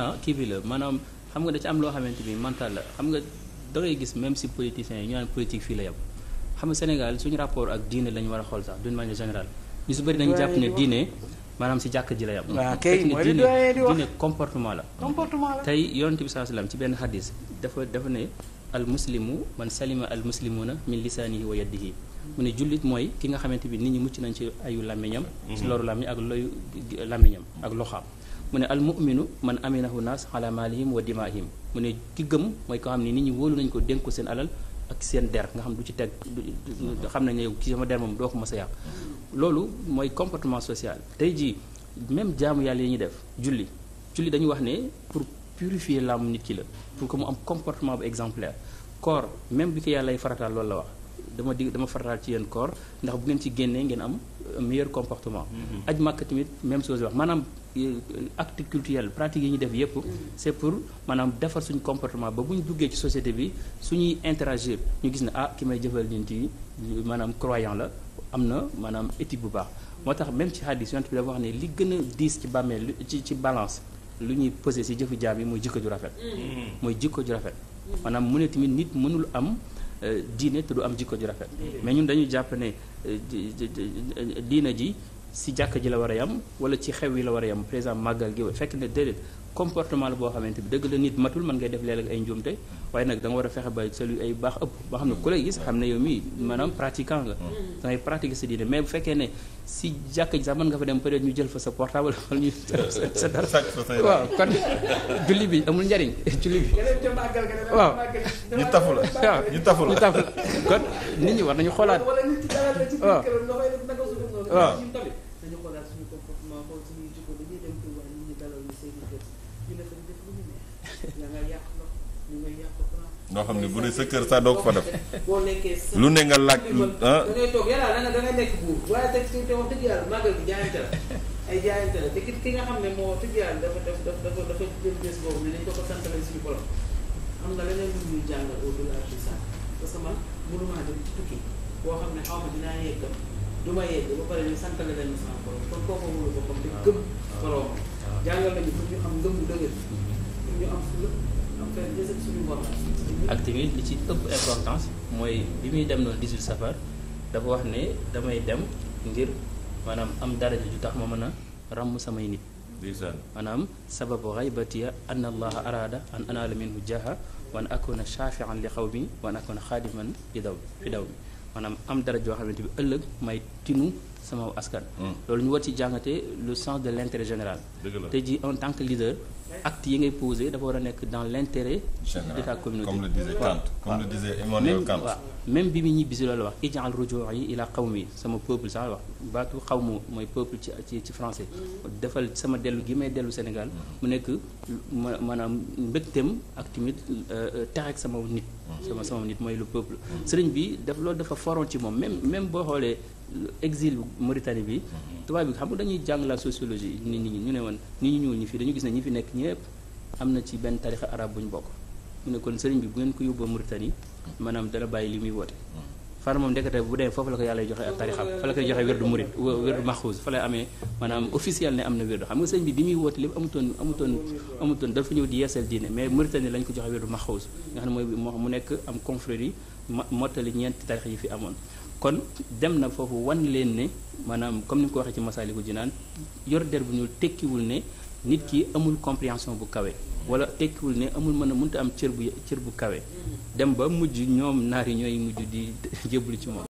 ah kii bi la maanaam xam nga da ci am loo xamante ni mental la xam nga da ngay gis même si politiciens yi ñu naan politique fii la yem xam nga Sénégal suñu rapport ak diine la ñu war a xool sax d'une manière générale ñu su bari dañu jàpp ne diine maanaam si jàkk ji la yem. waaw kay mooy li diine comportement la. comportement la tey yonent bi sallam ci benn xadis dafa dafa ne al muslimu man salima al na min lisaanihi wa yadihi mu ne jullit mooy ki nga xamante bi nit ñi mucc nañ ci ayu làmmiñam si loru làmmiñ ak loyu làmmiñam ak loxaam mu ne al muminu man aminahu naas ala maalihim wa dimaahim mu ne ki gëm mooy koo xam ne nit ñi wóolu nañ ko dénk ko seen alal ak seen der nga xam du ci teg xam nañ ne yow ci sama der moom doo ko mës a yàq loolu mooy comportement social tey jii même jaamu yàlla yi ñu def julli julli dañu wax ne pour purifier l'âme nit ki la pour que mu am comportement bu exemplaire koor même bi ko yàlla ay farataal loolu la wax dama dig dama farataal ci yéen koor ndax bu ngeen ci génnee ngeen am un meilleur comportement mm-hmm. aj màkk tamit même chose wax maanaam euh, euh, acte culturel pratique yi ñu def yëpp c'est pour maanaam defar suñu comportement ba bu ñu duggee ci société bi suñuy interagir ñu gis ne ah ki may jëfal nit yi maanaam croyant la am na maanaam étit bu baax moo tax même ci hadis yonent bi dafa wax ne li gën a diis ci bàmmeel ci ci balance lu ñuy posé si jëfu jaam yi mooy jikko ju rafet mm-hmm. mooy mu ne tamit nit mënul am Euh, diine te du am jikko ju rafet mais ñun dañu jàpp ne euh, diina ji si jàkk ji la war a yam wala ci xew yi la war a yam par màggal gi fekk ne déedéet comportement la boo xamante bi dëgg la nit matul mën ngay def léeg ay ay njuumte waaye nag da war a fexe ba salu ay baax ëpp ba xam ne ku lay gis xam ne yow mii maanaam pratiquant nga mm. dangay pratiquer sa diine mais bu fekkee ne si jàkk ji sax mën nga fa dem peut-être ñu jël fa sa portable wala ñu sa dara waaw kon julli bi amul njariñ julli bi waaw ñu tafu la waaw ñu tafu la kon nit ñi war nañu xoolaat waaw suñu comportement xool suñuy jikko ba i kër ñu la fay def lu noo xam ne bu ne sa kër sa doog fa def boo nekkee lu ne nga laaj da ngay toog da nga da ngay nekk buur waaye teg ci te wax dëgg yàlla jaayante la ay jaayante la te ki nga xam ne moo wax dëgg yàlla dafa daf daf dafa dafa jël bés boobu ne am na leneen lu ñuy jàngal au delà de parce que man mënumaa dem ci boo xam ne xaw ma dinaa yeggam du ma yegg ba pare ak tamit li ci ëpp importance mooy bi muy dem noonu 18 safar dafa wax ne damay dem ngir maanaam am daraja ju tax ma mën a ràmm samay nit maanaam sababu xaybatiya an allaha araada an anaala minhu jaha wa an akuna shafian li xaw mi wa an akuna xaadiman li daw fi daw mi maanaam am dara joo xamante bi ëllëg may tinu sama askan. Hmm. loolu ñu war ci jàngatee le sens de l' intérêt général. te ji en tant que leader acte yi ngay posé dafa war a nekk dans l' intérêt. de ta communauté comme le disait Kant comme le disait Emmanuel Kant même bi mu ñibbi si loolu wax ijaal rujuu yi ila qawmi sama peuple sax wax baatu xawmu mooy peuple ci français defal sama dellu gi may dellu Sénégal hmm. mu nekk maanaam mbégteem ak tamit euh, euh, tax ak sama nit. sama sama nit mooy le peuple sëriñ bi def loolu dafa foroon ci moom même même boo xoolee exil Mauritanie bi mhm. tubaab bi xam nga dañuy jàng la sociologie nit ñi ñu ne woon nit ñu ñuul ñi fi dañu gis ne ñi fi nekk ñëpp am na ci benn tarixa arab bu ñu bokk mu ne kon sëriñ bi bu ngeen ko yóbboo Mauritanie mhm. maanaam dana bàyyi li muy woote mhm. far moom ndekete bu demee foofu la ko yàlla joxe ak tarixam fa la koy joxe wérdu murid wérdu maxuus fa lay amee maanaam officiel ne am na wérdu xam nga sëñ bi bi muy woote lépp amutoon amutoon amutoon dafa ñëw di yeesal diine mais Mauritanie lañ ko joxe wérdu maxuus nga xam ne mooy moo mu nekk am confrérie mottali ñeenti tarix yi fi amoon kon dem na foofu wan leen ne maanaam comme ni nga ko waxee ci Masaalikul Jinaan yor der bu ñuul tekkiwul ne nit ki amul compréhension bu kawe wala tekkiwul ne amul mën a mënta am cër bu cër bu kawe mm-hmm. dem ba mujj ñoom naar yi ñooy mujj di jébbalu ci moom